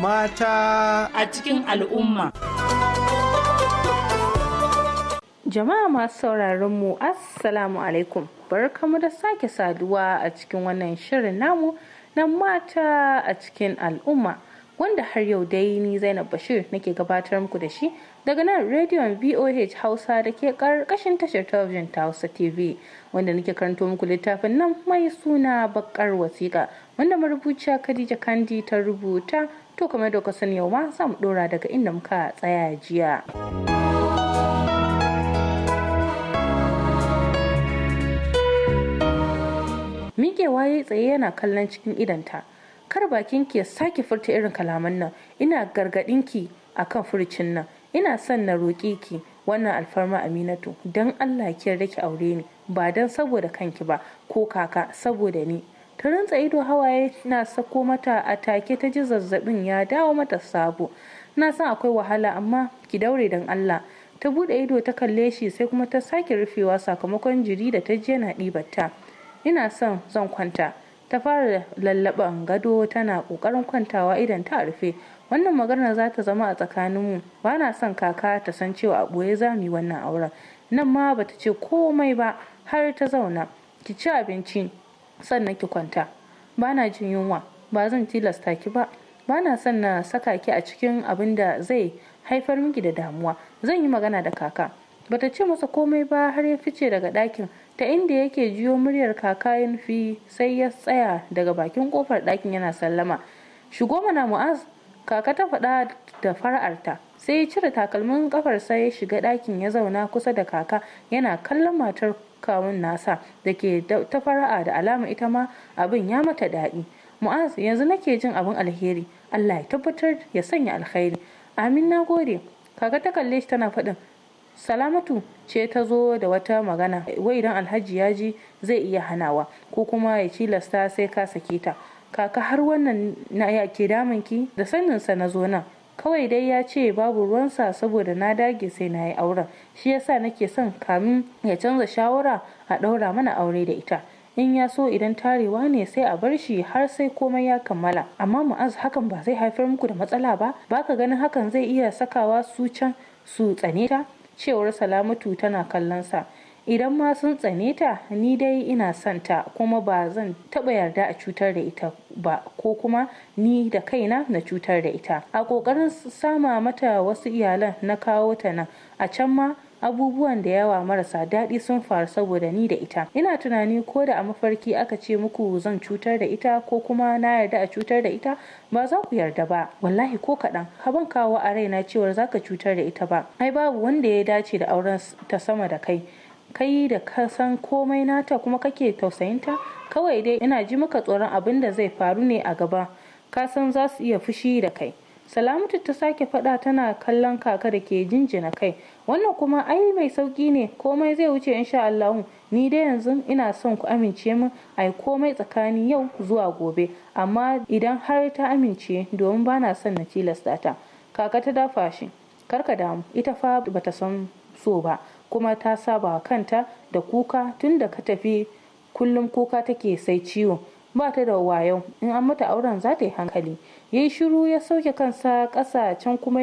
Mata a cikin al'umma. Jama'a masu sauraron mu Assalamu alaikum. Barkamu da sake saduwa a cikin wannan shirin namu na mata a cikin al'umma. wanda har yau dai ni Zainab Bashir nake gabatar muku da shi daga nan rediyon VOH Hausa da ke karkashin tashar talabijin ta Hausa TV wanda nake karanto muku littafin nan mai suna bakar wasiƙa wanda marubuciya Khadija Kandi ta rubuta to kamar da ka sani yau ma za mu dora daga inda muka tsaya jiya. Mike waye tsaye yana kallon cikin idanta. kar bakin ki ya sake furta irin kalaman nan ina gargadin ki akan furcin nan ina son na roƙe ki wannan alfarma aminatu don allah ki yarda ki aure ni ba don saboda kanki ba ko kaka saboda ni ta rantsa ido hawaye na sako mata a take ta ji zazzabin ya dawo mata sabo na san akwai wahala amma ki daure don allah ta buɗe ido ta kalle shi sai kuma ta sake rufewa sakamakon jiri da ta je na ɗibarta ina son zan kwanta ta fara lallaban gado tana kokarin kwantawa idan ta rufe wannan maganar za ta zama a tsakaninmu ba na son kaka ta san cewa a ɓoye za mu yi wannan auren nan ma ba ta ce komai ba har ta zauna ki ci abinci sannan ki kwanta ba na jin yunwa ba zan tilasta ki ba ba na son na saka ki a cikin abin da zai haifar miki da damuwa zan yi magana da kaka bata ce masa komai ba har ya fice daga ɗakin ta inda yake jiyo muryar kakayin fi sai ya tsaya daga bakin kofar ɗakin yana sallama shigo mana mu'az kaka ta faɗa da fara'arta sai ya cire takalmin kafar sai ya shiga ɗakin ya zauna kusa da kaka yana kallon matar kawun nasa da ke ta fara'a da alama ita ma abin ya mata daɗi mu'az yanzu nake jin abin alheri allah ya tabbatar ya sanya alkhairi amin na gode kaka ta kalle shi tana faɗin salamatu ce ta zo da wata magana wai idan alhaji ya ji zai iya hanawa ko kuma ya tilasta sai ka sake ta kaka har wannan na ya ke damanki da saninsa na zo nan kawai dai ya ce babu ruwansa saboda na dage sai na yi auren shi yasa nake son kamin ya canza shawara a ɗaura mana aure da ita in ya so idan tarewa ne sai a bar shi har sai komai ya kammala amma mu'az hakan ba zai haifar muku da matsala ba baka ganin hakan zai iya sakawa su can su tsane ta cewar salamatu tana kallon sa idan ma sun tsane ta ni dai ina son kuma ba zan taba yarda a cutar da ita ba ko kuma ni da kaina na cutar da ita a kokarin sama mata wasu iyalan na kawo ta nan a can ma abubuwan da yawa marasa daɗi sun faru saboda ni da ita ina tunani ko da a mafarki aka ce muku zan cutar da ita ko kuma na yarda a cutar da ita ba za ku yarda ba wallahi ko kaɗan haban kawo a raina cewar za ka cutar da ita ba ai babu wanda ya dace da auren ta sama da kai kai da ka san komai nata kuma kake tausayinta kawai dai ina ji maka tsoron abin da zai faru ne a gaba ka san za su iya fushi da kai salamatu ta sake fada tana kallon kaka da ke jinjina kai wannan kuma ai mai sauki ne komai zai wuce insha Allah ni dai yanzu ina son ku amince min ai komai tsakani yau zuwa gobe amma idan har ta amince domin bana son na tilasta ta kaka ta dafa shi karka damu ita fa bata son so ba kuma ta saba kanta da kuka tun da ka tafi kullum kuka take sai ciwo ba ta da wayo in an mata auren za ta yi hankali ya shiru ya sauke kansa ƙasa can kuma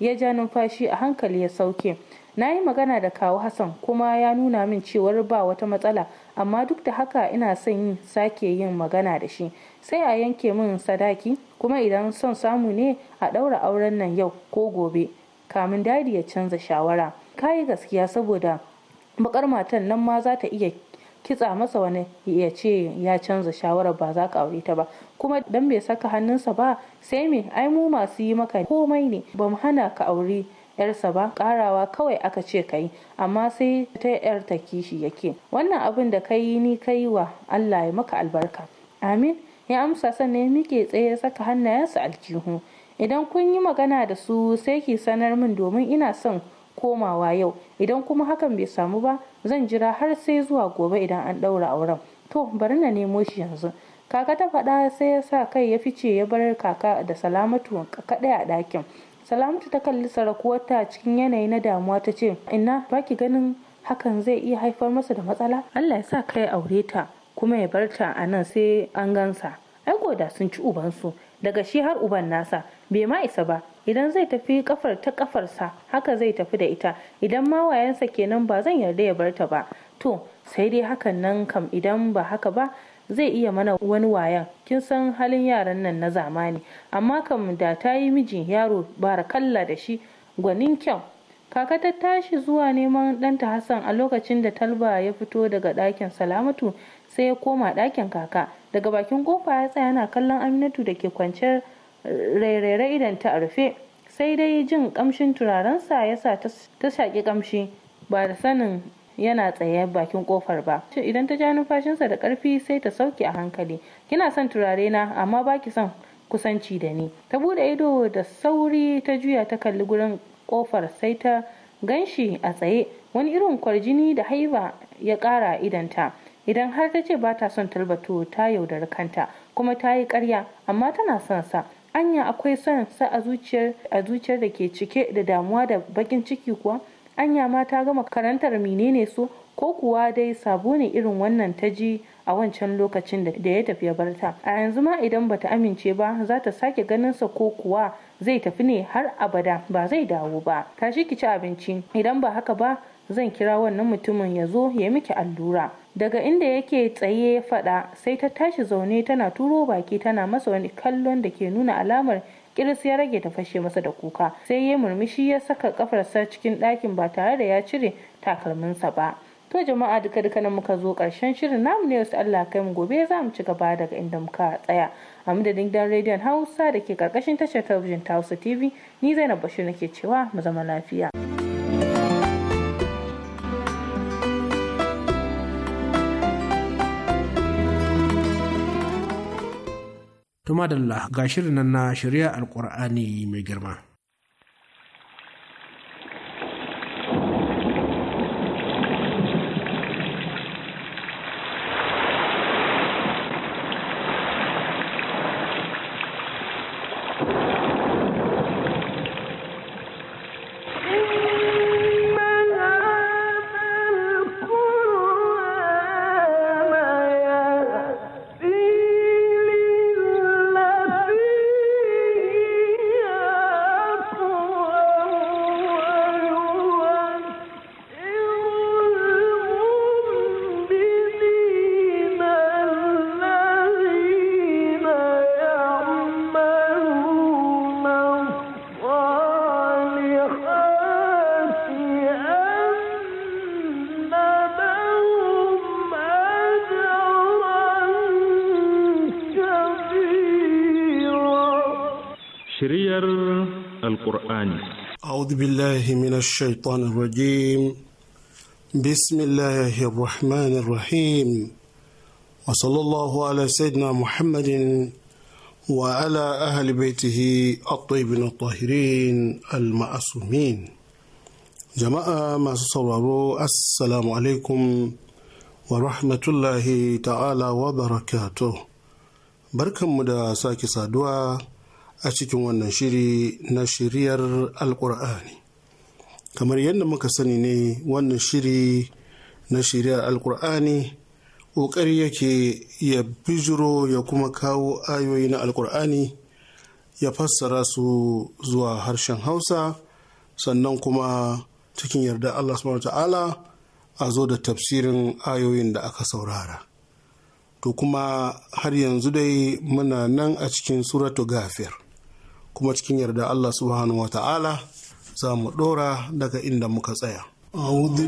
ya ja numfashi a hankali ya sauke na yi magana da kawu hassan kuma ya nuna min cewar ba wata matsala amma duk da haka ina son yi sake yin magana da shi sai a yanke min sadaki kuma idan son samu ne a ɗaura auren nan yau ko gobe kamin dadi ya canza shawara kayi gaskiya saboda bakar matan nan ma za ta iya kitsa masa wani ya ce ya canza shawara ba za ka aure ta ba kuma dan bai saka hannunsa ba sai me ai mu masu yi maka komai ne ba mu hana ka aure yarsa ba karawa kawai aka ce kai amma sai ta yar ta kishi yake wannan abin da ka yi ni kai wa Allah ya maka albarka amin ya amsa sannan ya mike tsaye ya saka hannayensa aljihu idan kun yi magana da su sai ki sanar min domin ina son komawa yau idan kuma hakan bai samu ba zan jira har sai zuwa gobe idan an daura auren to bari na nemo shi yanzu kaka ta faɗa sai ya sa kai ya fice ya bar kaka da salamatu kaɗai a ɗakin salamatu ta kalli sarakuwarta cikin yanayi na damuwa ta ce ina ba ganin hakan zai iya haifar masa da matsala allah ya sa kai aure ta kuma ya bar ta a nan sai an gansa ai goda sun ci ubansu daga shi har uban nasa bai ma isa ba idan zai tafi kafar ta kafarsa haka zai tafi da ita idan ma wayansa kenan ba zan yarda ya bar ta ba to sai dai hakan nan kam idan ba haka ba zai iya mana wani wayan kin san halin yaran nan na zamani amma kam da ta yi mijin yaro kalla da shi gwanin kyau kaka ta tashi zuwa neman ɗanta hassan a lokacin da talba ya fito daga ɗakin salamatu sai ya koma ɗakin kaka daga bakin kofa ya tsaya yana kallon aminatu da ke kwance eh, rairere idan ta rufe sai dai jin kamshin turarensa ya sa ta shaƙi kamshi ba da sanin yana tsaye bakin kofar ba idan ta ja numfashinsa da karfi sai ta sauke a hankali kina son turare na amma baki son kusanci da ni ta bude ido da sauri ta juya ta kalli gurin kofar sai ta ganshi a tsaye wani irin kwarjini da haiba ya kara idanta idan har ta ce ba ta son talbato ta yaudari kanta kuma ta yi karya amma tana son sa anya akwai son sa a zuciyar da ke cike da damuwa da bakin ciki kuwa anya ma ta gama karantar menene su ko kuwa dai sabo ne irin wannan ta ji a wancan lokacin da ya tafi ya barta a yanzu ma idan bata amince ba za ta sake sa ko kuwa zai tafi ne har abada ba zai dawo ba tashi ki ci abinci idan ba haka ba zan kira wannan mutumin ya zo ya miki allura daga inda yake tsaye fada sai ta tashi zaune tana turo baki tana masa wani kallon da ke nuna alamar kiris ya rage ta fashe masa da kuka sai ya murmushi ya saka kafarsa cikin ɗakin ba tare da ya cire takalminsa ba to jama'a duka duka nan muka zo karshen shirin namu ne wasu Allah kai mu gobe za mu ci gaba daga inda muka tsaya a madadin gidan rediyon Hausa da ke karkashin tashar talabijin ta Hausa TV ni Zainab Bashir nake cewa mu zama lafiya. Tuma da ga shirin nan na shirya alkur'ani mai girma. أعوذ بالله من الشيطان الرجيم بسم الله الرحمن الرحيم وصلى الله على سيدنا محمد وعلى أهل بيته الطيبين الطاهرين المعصومين جماعة ما صوروا السلام عليكم ورحمة الله تعالى وبركاته بركة مدى ساكي صادوه a cikin wannan shiri na shiriyar alkur'ani kamar yadda muka sani ne wannan shiri na shiriyar alkur'ani ƙoƙari yake ya bijiro ya kuma kawo ayoyi na alkur'ani ya fassara su zuwa harshen hausa sannan kuma cikin yarda allah subhanahu ta'ala a zo da tafsirin ayoyin da aka saurara to kuma har yanzu dai muna nan a cikin suratu gafir kuma cikin yarda Allah subhanahu wa ta'ala za mu ɗora daga inda muka tsaya. أعوذ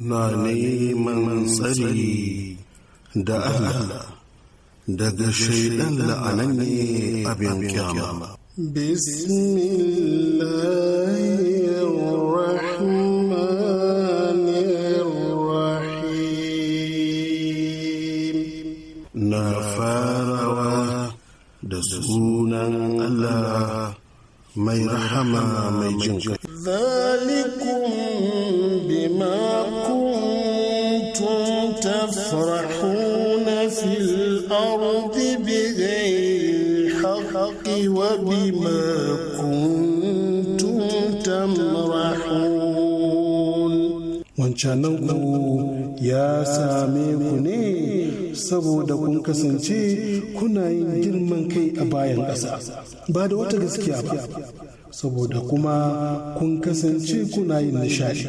na من tsari da Allah daga shaidan la'ananne abin kyama. Bismillah na farawa da sunan Allah mai rahama mai jin kai. Zalikun bima kuntum tafrahuna fil ardi bighayri haqqi wa bima kuntum tamrahun. Wancan ya same ku ne saboda kun kasance kuna yin girman kai a bayan ƙasa ba da wata gaskiya ba saboda kuma kun kasance kuna yin nishadi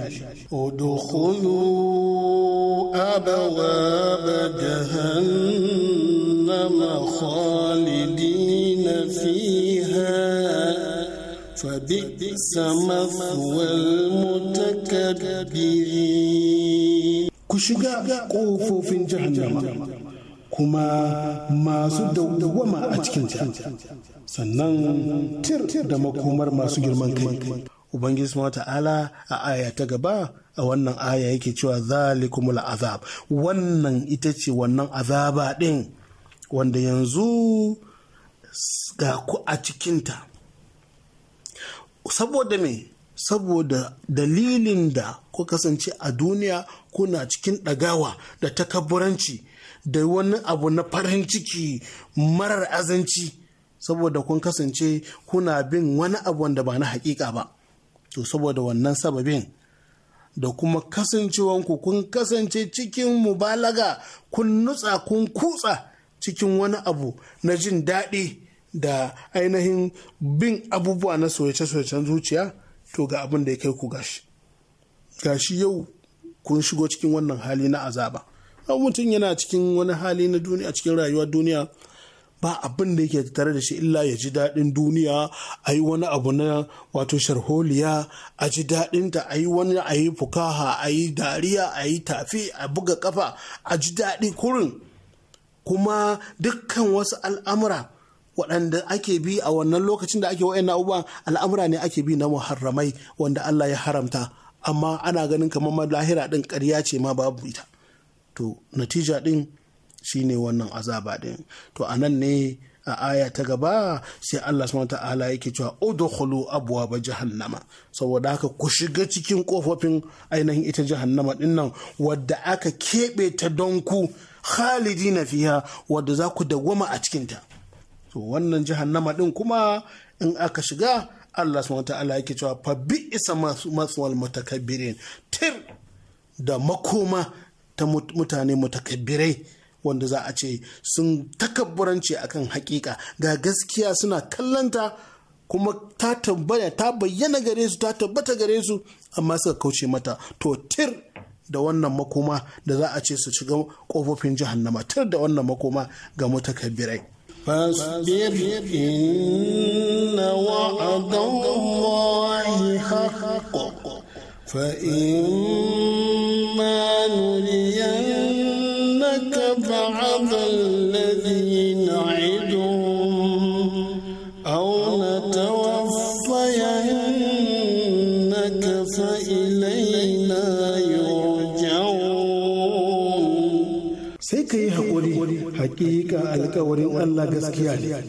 udkhulu abwaaba jahannama khalidina fiha فبئس مثوى المتكبرين ku shiga ƙofofin jahannama kuma masu dawwama a cikin ta sannan tir da makomar masu girman kai ubangiji subhanahu ala a aya ta gaba a wannan aya yake cewa zalikumul azab wannan ita ce wannan azaba din wanda yanzu ga ku a cikinta saboda me saboda dalilin da ku kasance a duniya kuna cikin ɗagawa da takabburanci da wani abu na farin ciki marar azanci saboda kun kasance kuna bin wani abu wanda ba na hakika ba to saboda wannan sababin da kuma kasancewanku kun kasance cikin mubalaga kun nutsa kun kutsa cikin wani abu na jin daɗi da ainihin bin abubuwa na soyace-soyacen zuciya to ga abin da ya kai ku gashi gashi yau kun shigo cikin wannan hali na azaba an mutum yana cikin wani hali na duniya a cikin rayuwar duniya ba abin da yake tare da shi illa ya ji daɗin duniya a yi wani abu na wato sharholiya a ji daɗinta a yi wani a yi fukaha a yi dariya a yi tafi a buga kafa a ji daɗi kurin kuma dukkan wasu al'amura waɗanda ake bi a wannan lokacin da ake wa'in na'uba al'amura ne ake bi na muharramai wanda Allah ya haramta amma ana ganin kamar lahira ɗin ƙarya ce ma babu ita to natija ɗin shine wannan azaba din to a nan ne a aya ta gaba sai Allah subhanahu ta'ala yake cewa udkhulu abwaaba jahannama saboda haka ku shiga cikin kofofin ainihin ita jahannama din nan wadda aka keɓe ta don ku khalidina fiha wadda za ku dawwama a cikin ta to wannan jahannama din kuma in aka shiga Allah subhanahu ta'ala yake cewa fa bi'sa maswal mutakabbirin tir da makoma ta mutane mutakabbirai wanda za a ce sun takabburanci kan hakika ga gaskiya suna kallanta kuma ta tabbata ta bayyana gare su ta tabbata gare su amma suka kauce mata to tir da wannan makoma da za a ce su shiga kofofin jahannama tir da wannan makoma ga mutakabbirai فاصبر إن وعد الله حق فإما نرينك بعض الذي نعدهم أو نتوفينك فإلينا يرجعون سيكي حقولي حقيقة الكوري الله قسكيالي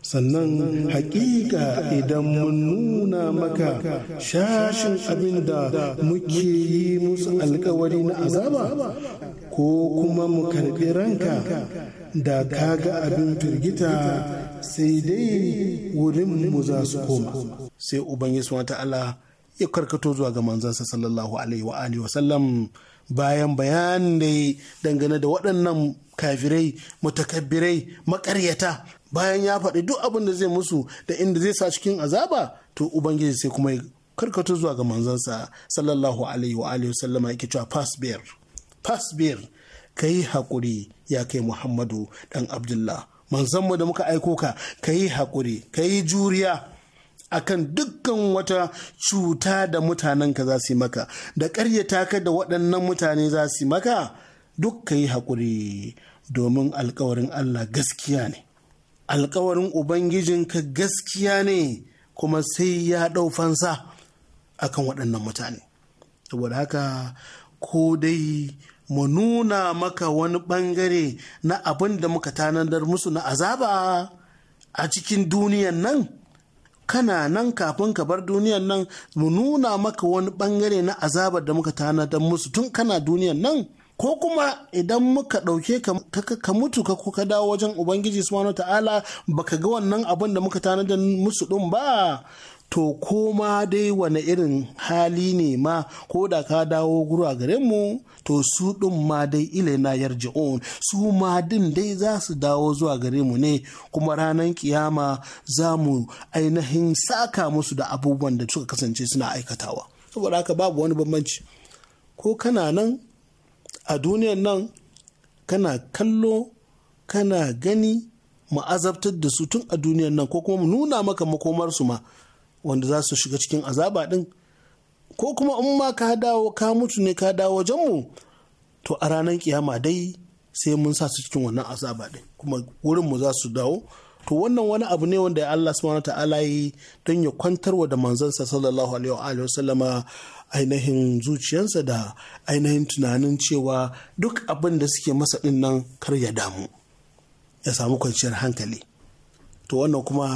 sannan hakika idan mun nuna maka shashin abin da muke yi musu alkawari na azaba ko kuma mu karɓi ranka da ka ga abin turgita, sai dai wurin mu za su koma sai ubangiji wa ta'ala ya karkato zuwa ga manzansa sallallahu alaihi wa alihi wasallam bayan bayan da dangane da waɗannan kafirai mutakabbirai maƙaryata bayan ya faɗi duk abin da zai musu da inda zai sa cikin azaba to ubangiji sai kuma karkato zuwa ga manzansa sallallahu alaihi wa alihi sallama yake cewa fasbir fasbir kai hakuri ya kai muhammadu dan abdullah manzanmu da muka aiko ka kai hakuri kai juriya akan dukkan wata cuta da mutanen ka za su yi maka da ƙaryata ka da waɗannan mutane za su yi maka duk ka yi haƙuri domin alkawarin Allah gaskiya ne alkawarin ubangijinka gaskiya ne kuma sai ya ɗau fansa a kan waɗannan mutane saboda haka ko dai mu nuna maka wani ɓangare na abin da muka tanadar musu na azaba a cikin duniyan nan kana nan kafin ka bar duniyan nan mu nuna maka wani ɓangare na azabar da muka tanadar musu tun kana duniyan nan ko kuma idan muka ɗauke ka mutu ka kuka dawo wajen ubangiji subhanahu ta'ala baka ga wannan abin da muka tanada musu ɗin ba to koma dai wani irin hali ne ma ko da ka dawo gura gare mu to su ɗin ma dai ilaina yarji'un su ma din dai za su dawo zuwa gare mu ne kuma ranar kiyama za mu ainihin saka musu da abubuwan da suka kasance suna aikatawa saboda haka babu wani bambanci ko kana nan a duniyar nan kana kallo kana gani mu azabtar da su tun a duniyar nan ko kuma mu nuna maka makomarsu ma wanda za su shiga cikin azaba din ko kuma in ma ka dawo ka mutu ne ka dawo wajenmu to a ranar kiyama dai sai mun sa su cikin wannan azaba din kuma wurin mu za su dawo to wannan wani abu ne wanda Allah subhanahu ta'ala yi don ya kwantarwa da manzansa sallallahu alaihi wa sallama ainihin zuciyarsa da ainihin tunanin cewa duk abin da suke masa ɗin nan kar ya damu ya samu kwanciyar hankali to wannan kuma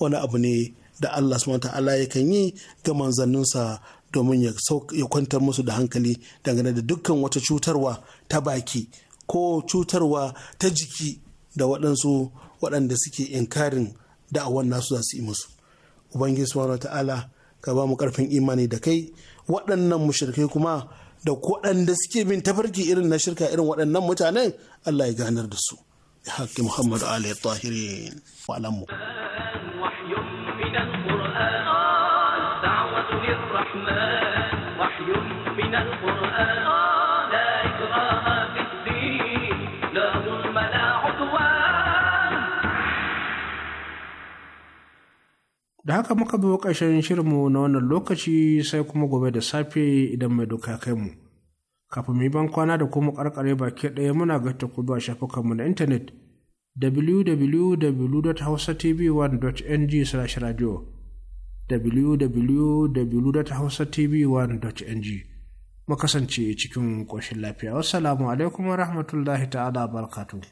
wani abu ne da Allah subhanahu ta'ala yakan yi ga manzanninsa domin ya kwantar musu da hankali dangane da dukkan wata cutarwa ta baki ko cutarwa ta jiki da waɗansu waɗanda suke inkarin da'awar nasu za su yi musu ubangiji subhanahu ta'ala ka ba mu karfin imani da kai waɗannan mushrikai kuma da waɗanda suke bin tafarki irin na shirka irin waɗannan mutanen Allah ya ganar da su. Ya haƙƙi Muhammadu Ali Tahirin. mu. da haka muka bi ƙarshen shirinmu na wannan lokaci sai kuma gobe da safe idan mai doka kai mu kafin mu yi ban kwana da kuma karkare baki ɗaya muna ga gaita kudu a shafukanmu na intanet www.hausatv1.ng/radio www.hausatv1.ng mu kasance cikin ƙoshin lafiya wassalamu alaikum wa rahmatullahi ta'ala barkatu